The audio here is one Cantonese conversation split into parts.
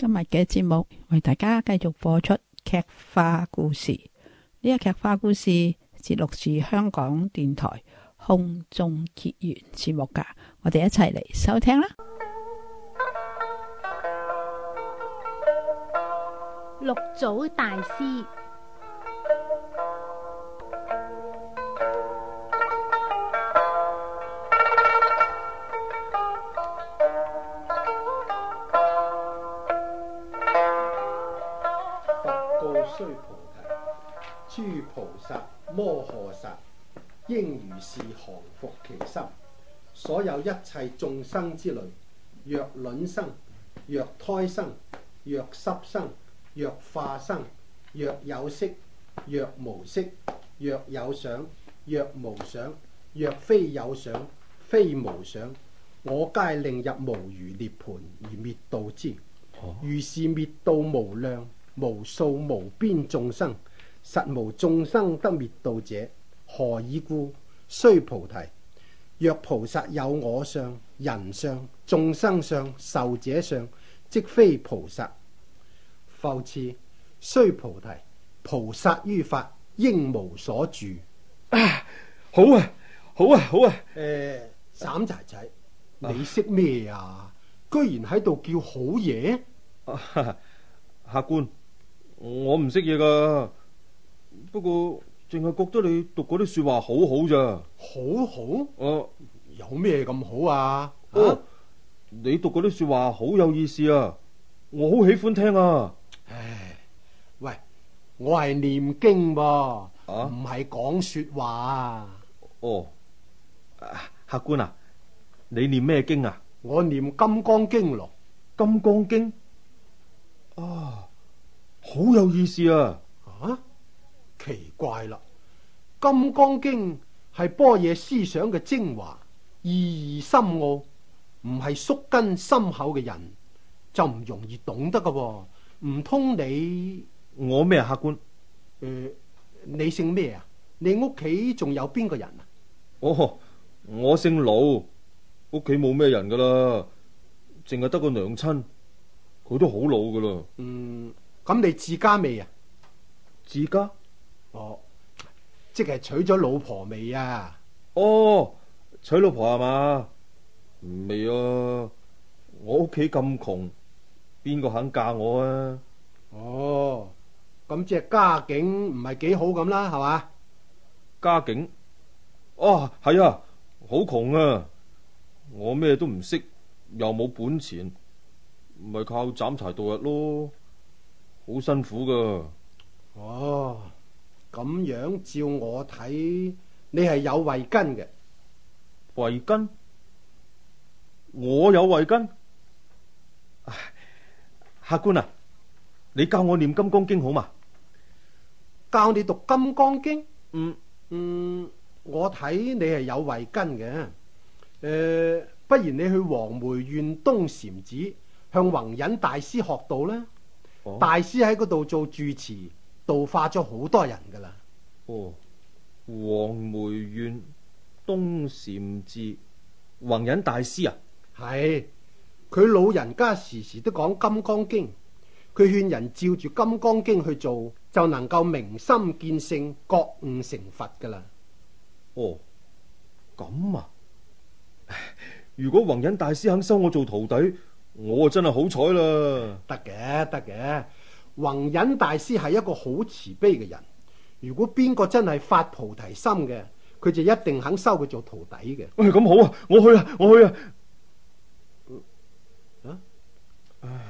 今日嘅節目為大家繼續播出劇化故事，呢個劇化故事節錄自香港電台空中結緣節目噶，我哋一齊嚟收聽啦。六祖大師。摩訶薩應如是降伏其心，所有一切眾生之類，若卵生，若胎生，若濕生，若濕生，若化生，若有色，若無色，若有想，若無想，若非有想，非無想，我皆令入無餘涅盤而滅度之，如是滅度無量無數無邊眾生。實無眾生得滅度者，何以故？須菩提，若菩薩有我相、人相、眾生相、壽者相，即非菩薩。復次，須菩提，菩薩於法應無所住。啊。好啊，好啊，好啊。誒、欸，斬柴仔，你識咩啊？啊啊，居然喺度叫好嘢，啊，客官，我唔識嘢噶。不過淨係覺得你讀嗰啲說話好好咋？好好哦，啊、有咩咁好啊？啊，哦、你讀嗰啲說話好有意思啊，我好喜歡聽啊。唉，喂，我係念經噃、啊，唔係講說話哦，客官啊，你念咩經啊？我念金剛經咯。金剛經啊，好有意思啊。啊？奇怪啦，《金剛經》係般若思想嘅精華，意義深奧，唔係宿根深厚嘅人就唔容易懂得噶喎。唔通你我咩客官？誒、嗯，你姓咩啊？你屋企仲有邊個人啊？哦，我姓老，屋企冇咩人噶啦，淨係得個娘親，佢都好老噶啦。嗯，咁你自家未啊？自家？哦，即係娶咗老婆未啊？哦，娶老婆係嘛？未啊，我屋企咁窮，邊個肯嫁我啊？哦，咁即係家境唔係幾好咁啦，係嘛？家境哦，係啊，好窮啊！我咩都唔識，又冇本錢，咪靠斬柴度日咯，好辛苦噶。哦。咁樣，照我睇，你係有慧根嘅。慧根，我有慧根。客官啊，你教我念金剛經好嗎？教你讀金剛經？嗯嗯，我睇你係有慧根嘅。誒、呃，不如你去黃梅縣東禪寺向弘忍大師學道啦。哦、大師喺嗰度做住持，造化咗好多人噶啦。哦，黃梅縣東禪寺弘忍大師啊，係佢老人家時時都講《金剛經》，佢勸人照住《金剛經》去做，就能夠明心見性，覺悟成佛噶啦。哦，咁啊！如果弘忍大師肯收我做徒弟，我真係好彩啦。得嘅，得嘅。弘忍大師係一個好慈悲嘅人，如果邊個真係發菩提心嘅，佢就一定肯收佢做徒弟嘅。喂，咁好啊，我去啊，我去啊。啊，唉，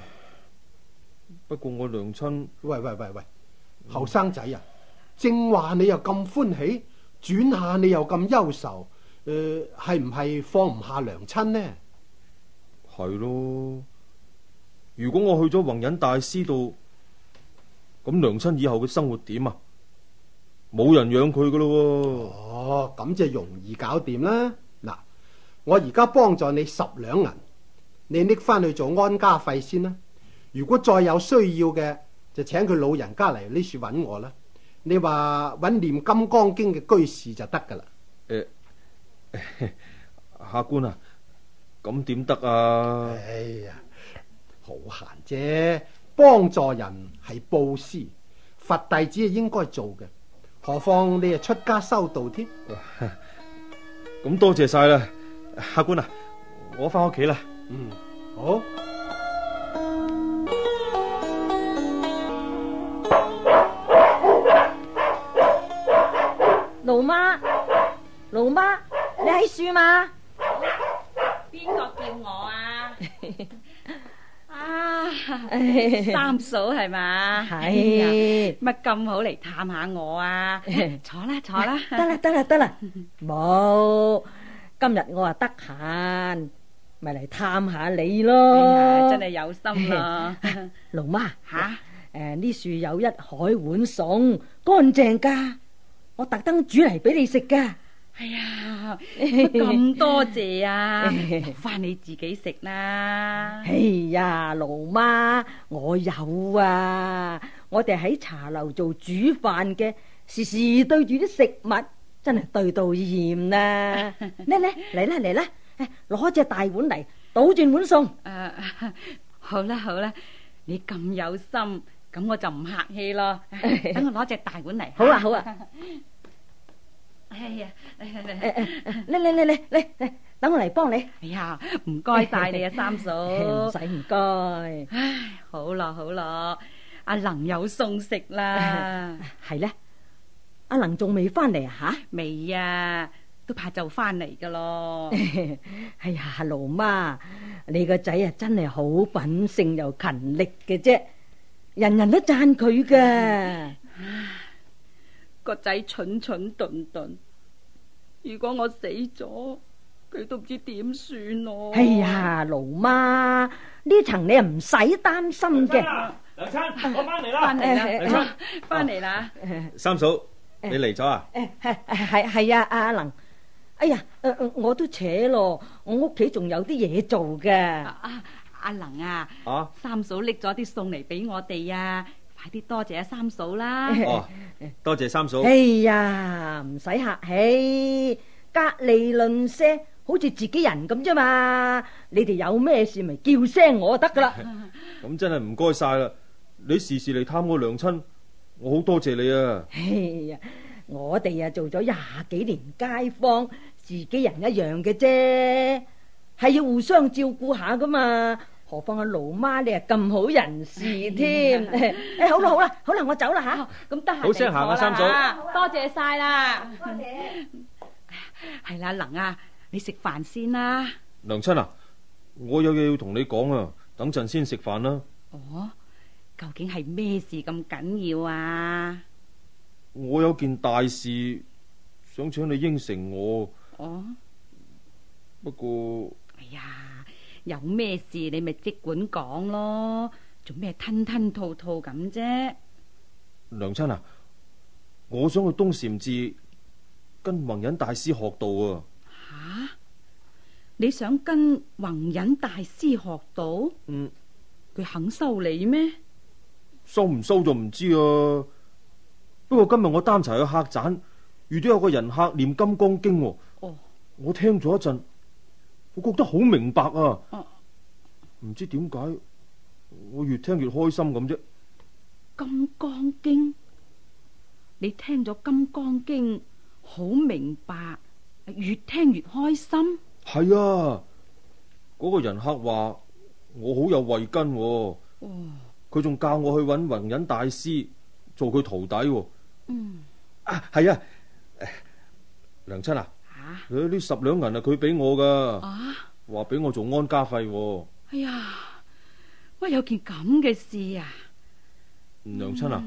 不過我娘親，喂喂喂喂，後生仔啊，嗯、正話你又咁歡喜，轉下你又咁憂愁，誒、呃，係唔係放唔下娘親呢？係咯，如果我去咗弘忍大師度。咁娘親以後嘅生活點啊？冇人養佢噶咯？哦，咁就容易搞掂啦。嗱，我而家幫助你十兩銀，你搦翻去做安家費先啦。如果再有需要嘅，就請佢老人家嚟呢處揾我啦。你話揾念金剛經嘅居士就得噶啦。誒、欸，客官啊，咁點得啊？哎呀，好閒啫。幫助人係布施，佛弟子係應該做嘅，何況你係出家修道添。咁、啊、多謝晒啦，客官啊，我返屋企啦。嗯，好。老媽，老媽，你喺處嗎？邊個叫我啊？啊，三嫂係嘛？係乜咁好嚟探下我啊？ 坐啦坐啦，得啦得啦得啦，冇今日我話得閒，咪嚟探下你咯。哎呀，真係有心啊！龍 媽吓，誒呢樹有一海碗餸，乾淨噶，我特登煮嚟俾你食噶。哎呀，咁多謝啊！ 留翻你自己食啦。哎呀，老媽，我有啊！我哋喺茶樓做煮飯嘅，時時對住啲食物，真係對到厭啦。咧咧， 嚟啦嚟啦，攞隻大碗嚟，倒轉碗送。誒、 啊，好啦好啦，你咁有心，咁我就唔客氣咯。等 我攞隻大碗嚟、 啊。好啊好啊。好啊好啊。係啊，嚟嚟嚟嚟嚟嚟嚟嚟，等我嚟幫你。哎呀，唔該晒你啊，三嫂。唔使唔該。唉，好咯好咯，阿能有餸食啦。係咧，阿能仲未翻嚟啊？吓，未啊，都怕就翻嚟噶咯。哎呀，阿羅媽，你個仔啊，真係好品性又勤力嘅啫，人人都讚佢噶。個仔蠢蠢頓頓，如果我死咗，佢都唔知點算哦。哎呀，老媽，呢層你又唔使擔心嘅。娘親，我翻嚟啦，嚟翻嚟啦。三嫂，你嚟咗啊？系係啊，阿、啊、阿能，哎呀，我都扯咯，我屋企仲有啲嘢做嘅。阿、啊、阿能啊，啊，三嫂拎咗啲餸嚟俾我哋啊。快啲多謝阿三嫂啦！哦，多謝三嫂。哎呀，唔使客氣，隔籬鄰舍好似自己人咁啫嘛。你哋有咩事咪叫聲我得噶啦。咁真係唔該晒啦！你時時嚟探我娘親，我好多謝你啊。哎呀，我哋啊做咗廿幾年街坊，自己人一樣嘅啫，係要互相照顧下噶嘛。何況阿老媽，你又咁好人事添？誒唉， 好啦好啦，好啦，我走啦吓，咁得閒。好聲行啊，三嫂組，了多謝晒啦。係啦謝， 能啊，你食飯先啦。娘親啊，我有嘢要同你講啊，等陣先食飯啦。哦，究竟係咩事咁緊要啊？我有件大事想請你應承我。哦。不過。哎呀。有咩事你咪即管講咯，做咩吞吞吐吐咁啫？娘親啊，我想去東禪寺跟弘忍大師學道啊！吓，啊，你想跟弘忍大師學道？嗯，佢肯收你咩？收唔收就唔知啊。不過今日我擔柴去客棧，遇到有個人客念金剛經啊。哦，我聽咗一陣。我覺得好明白啊，唔、啊、知點解我越聽越開心咁啫。金剛經，你聽咗金剛經好明白，越聽越開心。係啊，嗰、那個人客話我好有慧根，啊，佢仲、哦、教我去搵雲隱大師做佢徒弟，啊。嗯，啊係啊，娘親啊。呢十兩銀係佢俾我噶，話俾我做安家費。哎呀，喂，有件咁嘅事啊，娘親啊，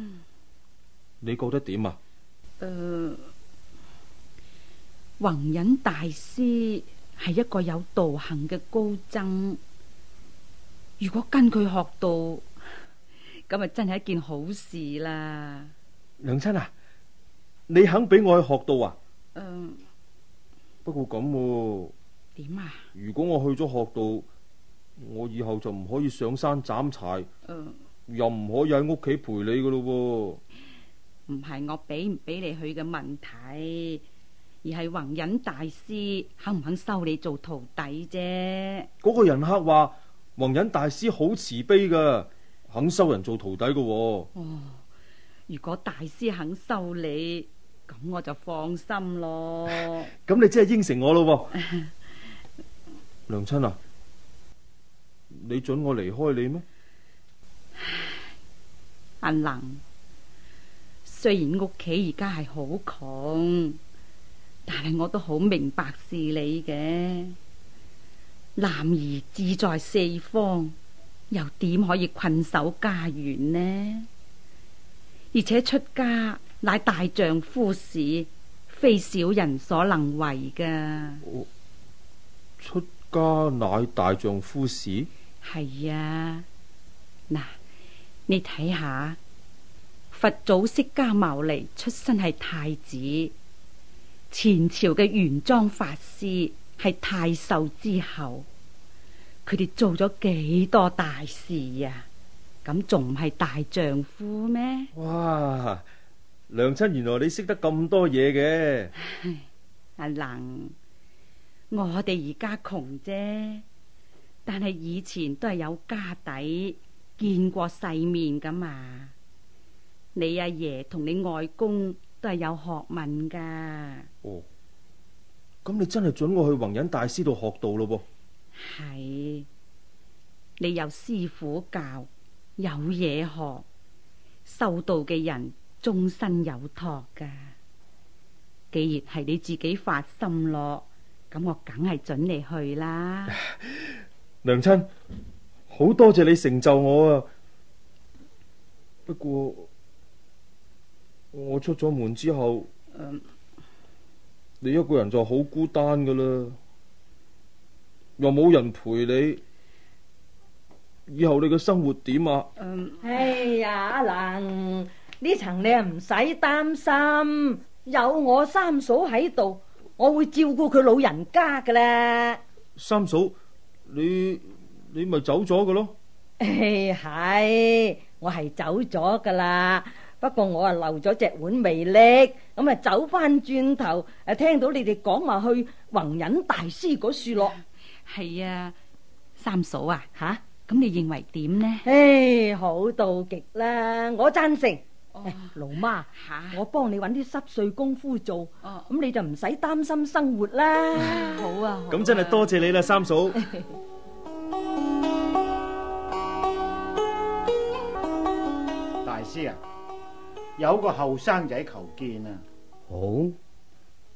你覺得點啊？誒，弘忍大師係一個有道行嘅高僧，如果跟佢學到，咁啊真係一件好事啦。娘親啊，你肯俾我去學到啊？嗯。不過咁，點啊？啊，如果我去咗學道，我以後就唔可以上山斬柴，呃、又唔可以喺屋企陪你噶咯、啊。唔係我俾唔俾你去嘅問題，而係弘忍大師肯唔肯收你做徒弟啫、啊。嗰個人客話，弘忍大師好慈悲噶，肯收人做徒弟噶、啊。哦，如果大師肯收你，咁我就放心咯。咁 你真係應承我咯， 娘親啊，你准我離開你咩？阿能，雖然屋企而家係好窮，但係我都好明白事理嘅。男兒志在四方，又點可以困守家園呢？而且出家，乃大丈夫事，非小人所能為㗎。出家乃大丈夫事。係啊，嗱，你睇下，佛祖釋迦牟尼出身係太子，前朝嘅玄奘法師係太壽之後，佢哋做咗幾多大事呀、啊？咁仲唔係大丈夫咩？哇！娘親，原來你識得咁多嘢嘅？唉，阿能，我哋而家窮啫，但係以前都係有家底，見過世面噶嘛。你阿爺同你外公都係有學問噶。哦，咁你真係准我去弘忍大師度學道咯？喎，係你有師傅教，有嘢學，修道嘅人。終身有託噶，既然係你自己發心咯，咁我梗係准你去啦。娘親，好多謝你成就我啊！不過我出咗門之後，嗯，你一個人就好孤單噶啦，又冇人陪你，以後你嘅生活點啊？嗯，哎呀，阿蘭。呢層你啊唔使擔心，有我三嫂喺度，我會照顧佢老人家噶啦。三嫂，你你咪走咗噶咯？係，我係走咗噶啦。不過我啊留咗隻碗未拎，咁啊走翻轉頭誒，聽到你哋講話去弘忍大師嗰樹落。係啊，三嫂啊，吓咁你認為點呢？誒，好到極啦，我讚成。老媽，我幫你揾啲濕碎功夫做，咁你就唔使擔心生活啦。好啊，咁真係多謝你啦，三嫂。大師啊，有個後生仔求見啊。好，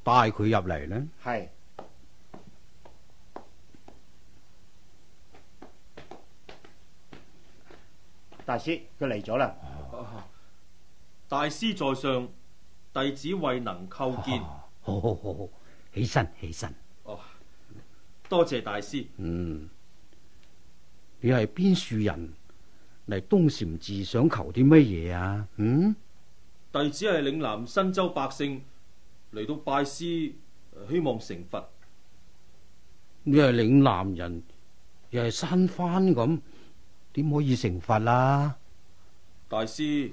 帶佢入嚟啦。係，大師，佢嚟咗啦。大師在上，弟子慧能叩見。好好、哦、好好，起身起身。哦，多謝大師。嗯，你係邊樹人嚟？東禪寺想求啲乜嘢啊？嗯，弟子係嶺南新州百姓嚟到拜師，希望成佛。你係嶺南人，又係山番咁，點可以成佛啊？大師。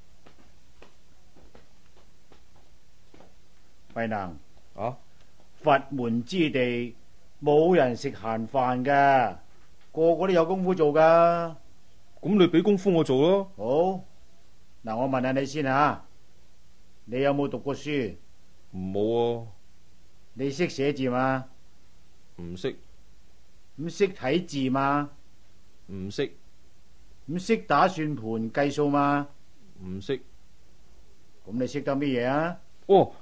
慧能、呃、啊！佛門之地冇人食閒飯嘅，個個都有功夫做噶。咁、嗯、你俾功夫我做咯。好，嗱、嗯、我問下你先吓、啊，你有冇讀過書？冇啊。你識寫字嗎？唔識、嗯。咁識睇字嗎？唔識、嗯。咁識、嗯、打算盤計數嗎？唔識、嗯。咁你識得乜嘢啊？哦。嗯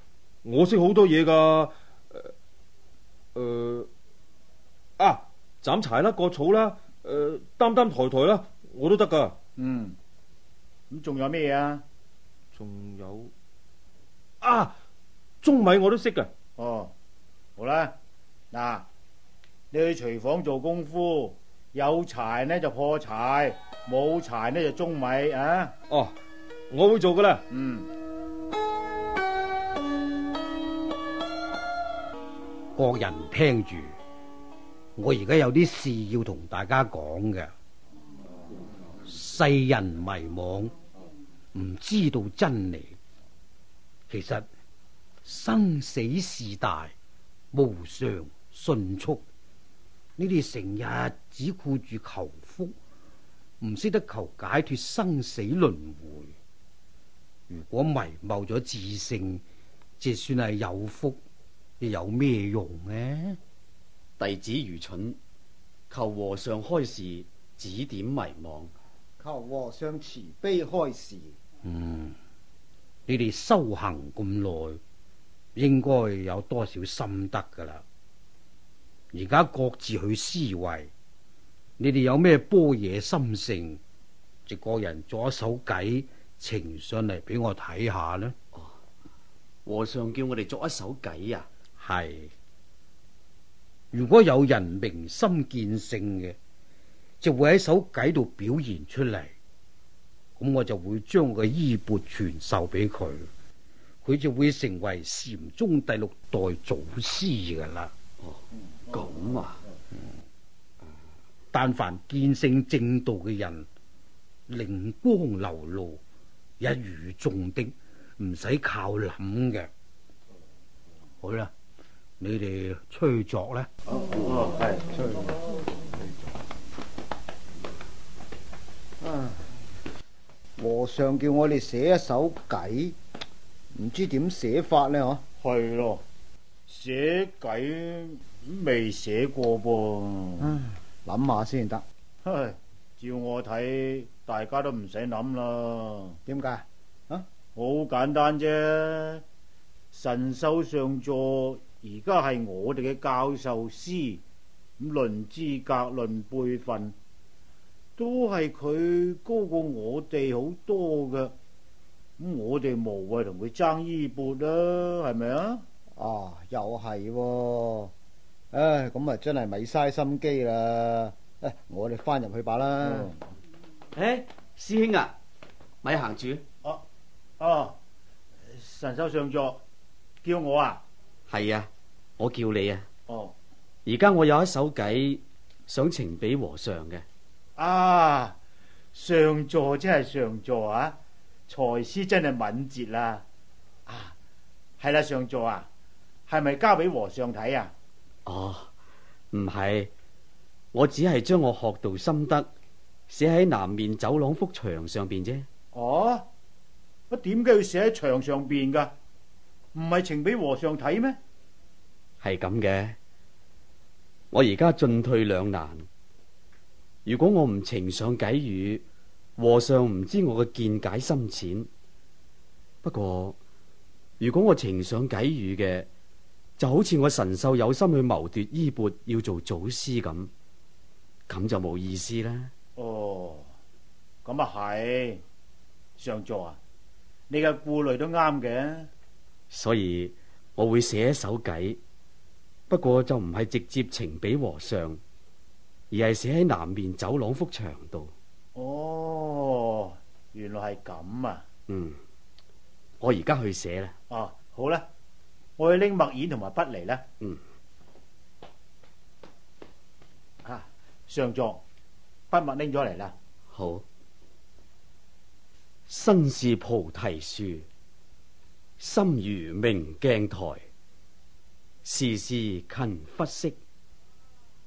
我識好多嘢噶，誒、呃呃、啊，斬柴啦，割草啦，誒擔擔抬抬啦，丹丹苔苔苔苔苔我都得噶。嗯，咁仲有咩嘢啊？仲有啊，舂米我都識噶。哦，好啦，嗱，你去廚房做功夫，有柴呢就破柴，冇柴呢就舂米啊。哦、啊，我會做噶啦。 嗯。各人聽住，我而家有啲事要同大家講嘅。世人迷惘，唔知道真理。其實生死事大，無常迅速。你哋成日只顧住求福，唔識得求解脫生死輪迴。如果迷惘咗自性，就算係有福，有咩用呢？弟子愚蠢，求和尚開示，指點迷惘。求和尚慈悲開示。嗯，你哋修行咁耐，應該有多少心得噶啦？而家各自去思維，你哋有咩般若心性，就個人作一首偈呈上嚟俾我睇下。呢和尚叫我哋作一首偈啊！係，如果有人明心見性嘅，就會喺首偈度表現出嚟，咁我就會將個衣鉢傳授俾佢，佢就會成為禪宗第六代祖師噶啦。哦，咁啊，但凡見性正道嘅人，靈光流露，一語中、嗯、的，唔使靠諗嘅，好啦。你哋吹作咧？哦，係吹作。啊！和尚叫我哋寫一首偈，唔知點寫法咧？嗬，係咯，寫偈未寫過噃，諗下先得。嘿，照我睇，大家都唔使諗啦。點解？啊？好簡單啫，神秀上座。而家係我哋嘅教授師，咁論資格、論輩分，都係佢高過我哋好多嘅。咁我哋無謂同佢爭衣缽啦，係咪啊？啊，又係，唉，咁啊真係咪嘥心機啦？誒，我哋翻入去吧啦。誒，師兄啊，咪行住。哦，哦，神秀上座，叫我啊。係啊，我叫你啊。哦，而家我有一手偈，想呈俾和尚嘅。啊，上座真係上座啊！才思真係敏捷啦。啊，係啦，啊啊，上座啊，係咪交俾和尚睇啊？哦，唔係，我只係將我學道心得寫喺南面走廊幅牆上邊啫。哦，乜點解要寫喺牆上邊噶？唔係呈俾和尚睇咩？係咁嘅，我而家進退兩難。如果我唔呈上偈語，和尚唔知我嘅見解深淺。不過如果我呈上偈語嘅，就好似我神秀有心去謀奪衣缽，要做祖師咁，咁就冇意思啦。哦，咁啊，係，上座啊，你嘅顧慮都啱嘅。所以我會寫一首偈，不過就唔係直接呈俾和尚，而係寫喺南面走廊幅牆度。哦，原來係咁啊！嗯，我而家去寫啦。哦、啊，好啦，我去拎墨硯同埋筆嚟啦。嗯。啊，上座，筆墨拎咗嚟啦。好。身是菩提樹。心如明鏡台，時時勤拂拭，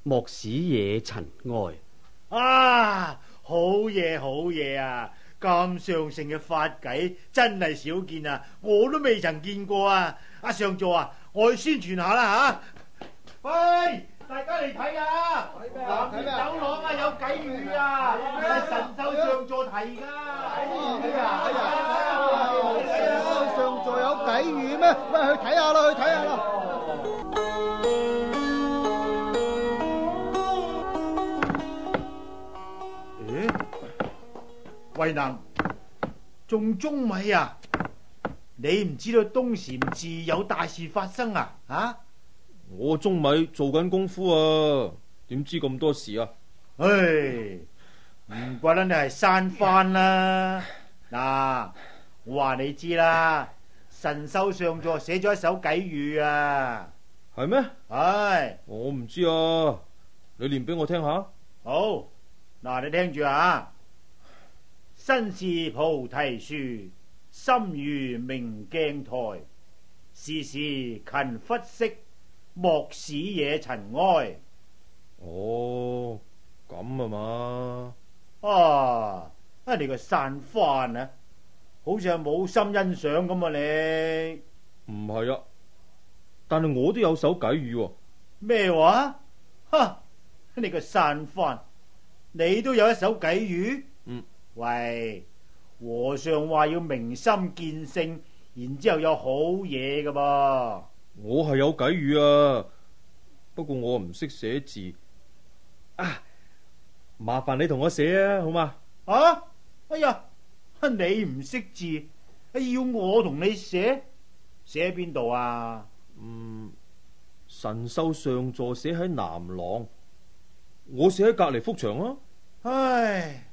莫使惹塵埃。啊，好嘢，好嘢啊！咁上乘嘅法偈真係少見啊，我都未曾見過啊！阿上座啊，我去宣傳下啦吓！喂，大家嚟睇啊！南面走廊啊，有偈語啊，係神秀上座提噶。睇雨咩？喂，去睇下咯，去睇下咯。誒，慧能仲鐘米啊？你唔知道東禪寺有大事發生啊？啊？我鐘米做緊功夫啊，點知咁多事啊？唉，唔怪得你係山翻啦。嗱，我話你知啦。神秀上座寫咗一首偈語啊，係咩嗎？唉是，我唔知啊，你念俾我聽下。好，嗱你聽住啊，身是菩提樹，心如明鏡台，時時勤拂拭，莫使惹塵埃。哦，咁啊嘛，啊，啊你個散飯啊！好似係冇心欣賞咁啊！你唔係啊，但係我都有首偈語喎。咩話？吓，你個散番，你都有一首偈語？嗯。喂，和尚話要明心見性，然之後有好嘢噶噃。我係有偈語啊，不過我唔識寫字啊，麻煩你同我寫啊，好嘛？啊，哎呀！你唔識字，要我同你寫寫喺邊度啊？嗯，神秀上座寫喺南廊，我寫喺隔籬幅牆啊。唉，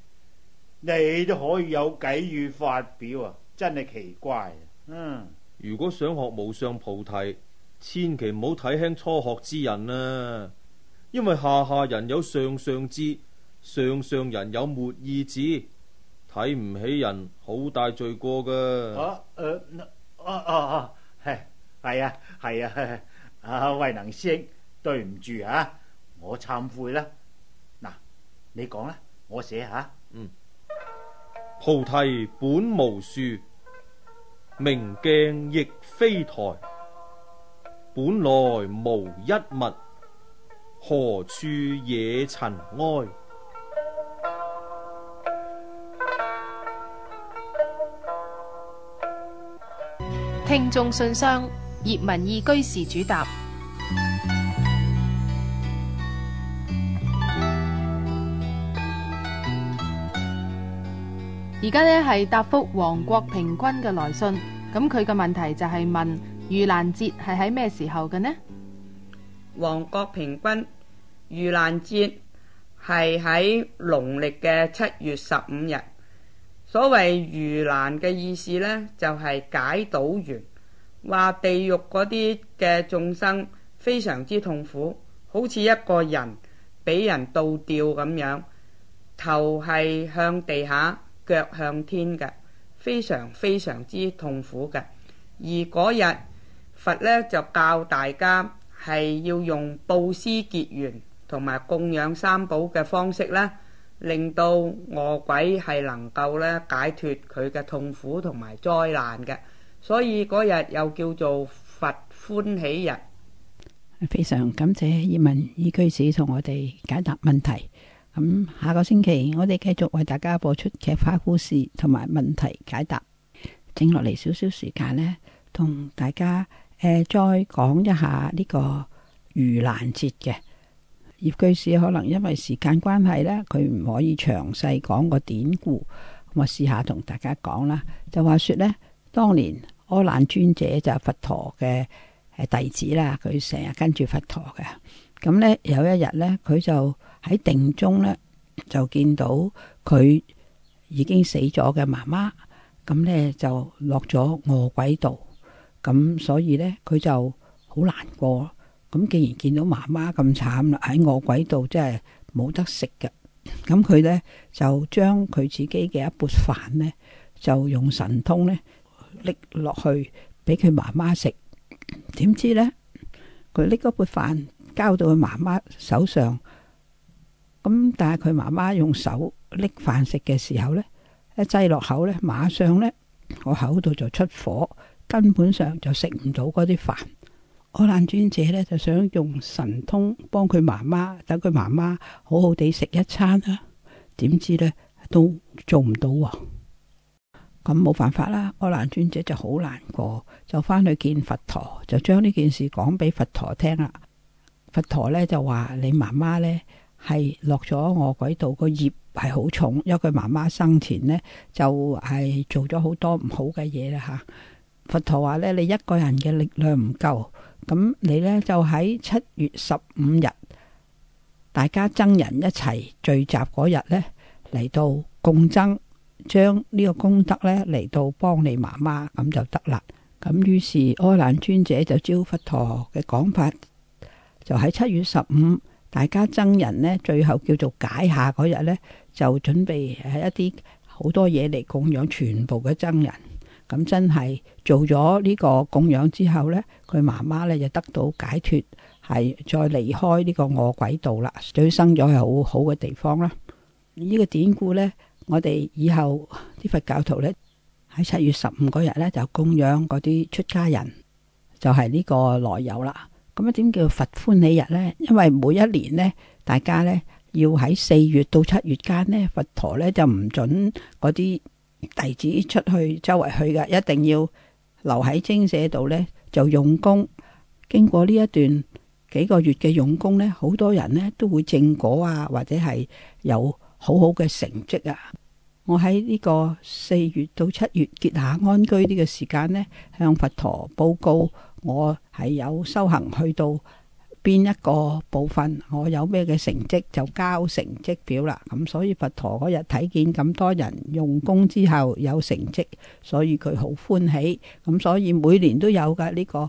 你都可以有偈語發表啊，真係奇怪啊。嗯，如果想學無上菩提，千祈唔好睇輕初學之人啊，因為下下人有上上智，上上人有沒意智。睇唔起人，好大罪過噶。好，誒，哦哦哦，係係啊，係、呃、啊，阿、啊哎哎哎哎哎哎啊、慧能師兄，對唔住啊，我懺悔啦。嗱、啊，你講啦、啊，我寫下。嗯。菩提本無樹，明鏡亦非臺。本來無一物，何處惹塵埃？聽眾信箱，葉文義居士主答。而家呢係答覆王國平君嘅來信，咁佢嘅問題就係問盂蘭節係喺咩時候嘅呢？王國平君，盂蘭節係喺農曆嘅七月十五日。所謂盂蘭嘅意思呢，就係、是、解倒懸。話地獄嗰啲嘅眾生非常之痛苦，好似一個人俾人倒吊咁樣，頭係向地下，腳向天嘅，非常非常之痛苦嘅。而嗰日佛呢就教大家係要用布施結緣同埋供養三寶嘅方式咧。令到餓鬼係能夠咧解脫佢嘅痛苦同埋災難嘅，所以嗰日又叫做佛歡喜日。非常感謝葉文二居士同我哋解答問題。咁、嗯、下個星期我哋繼續為大家播出劇法故事同埋問題解答。剩落嚟少少時間呢，同大家誒、呃、再講一下呢個盂蘭節嘅。葉居士可能因為時間關係咧，佢唔可以詳細講個典故，我試下同大家講啦。就話說咧，當年阿難尊者就係佛陀嘅係弟子啦，佢成日跟住佛陀嘅。咁咧有一日咧，佢就喺定中咧就見到佢已經死咗嘅媽媽，咁咧就落咗餓鬼道，咁所以咧佢就好難過。咁既然見到媽媽咁慘啦，喺餓鬼度真係冇得食嘅。咁佢呢，就將佢自己嘅一缽飯呢，就用神通呢，拎落去俾佢媽媽食。點知呢，佢拎嗰缽飯交到佢媽媽手上，咁但係佢媽媽用手拎飯食嘅時候呢，一擠落口呢，馬上呢，我口度就出火，根本上就食唔到嗰啲飯。柯蘭尊者咧就想用神通幫佢媽媽，等佢媽媽好好地食一餐啦，啊。點知咧都做唔到，啊，咁冇辦法啦。柯蘭尊者就好難過，就翻去見佛陀，就將呢件事講俾佛陀聽啦。佛陀咧就話：你媽媽咧係落咗餓鬼道，那個業係好重，因為佢媽媽生前咧就係、是、做咗好多唔好嘅嘢啦。吓，佛陀話咧，你一個人嘅力量唔夠。咁你呢就喺七月十五日，大家僧人一齊聚集嗰日呢嚟到供僧，將呢個功德呢嚟到幫你媽媽咁就得啦。咁於是柯蘭尊者就照佛陀嘅講法，就喺七月十五，大家僧人呢最後叫做解夏嗰日呢就準備一啲好多嘢嚟供養全部嘅僧人。咁真係做咗呢個供養之後呢，佢媽媽呢就得到解脫，係再離開呢個惡鬼道啦，轉生咗係好好嘅地方啦。呢、這個典故呢，我哋以後啲佛教徒呢，喺七月十五嗰日呢就供養嗰啲出家人，就係、是、呢個來由啦。咁啊點叫佛歡喜日呢？因為每一年呢，大家呢要喺四月到七月間呢，佛陀呢就唔準嗰啲。弟子出去周圍去嘅，一定要留喺精舍度呢，就用功。經過呢一段幾個月嘅用功呢，好多人呢都會正果啊，或者係有好好嘅成績啊。我喺呢個四月到七月結夏安居呢個時間呢，向佛陀報告我係有修行去到。邊一個部分，我有咩嘅成績就交成績表啦。咁所以佛陀嗰日睇見咁多人用功之後有成績，所以佢好歡喜。咁所以每年都有噶呢個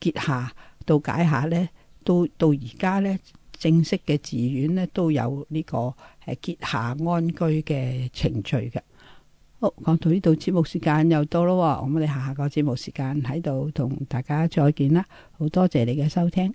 結夏到解夏咧，都到而家咧正式嘅寺院咧都有呢個誒結夏安居嘅程序嘅。好講到呢度，節目時間又到咯。我哋下下個節目時間喺度同大家再見啦。好多謝你嘅收聽。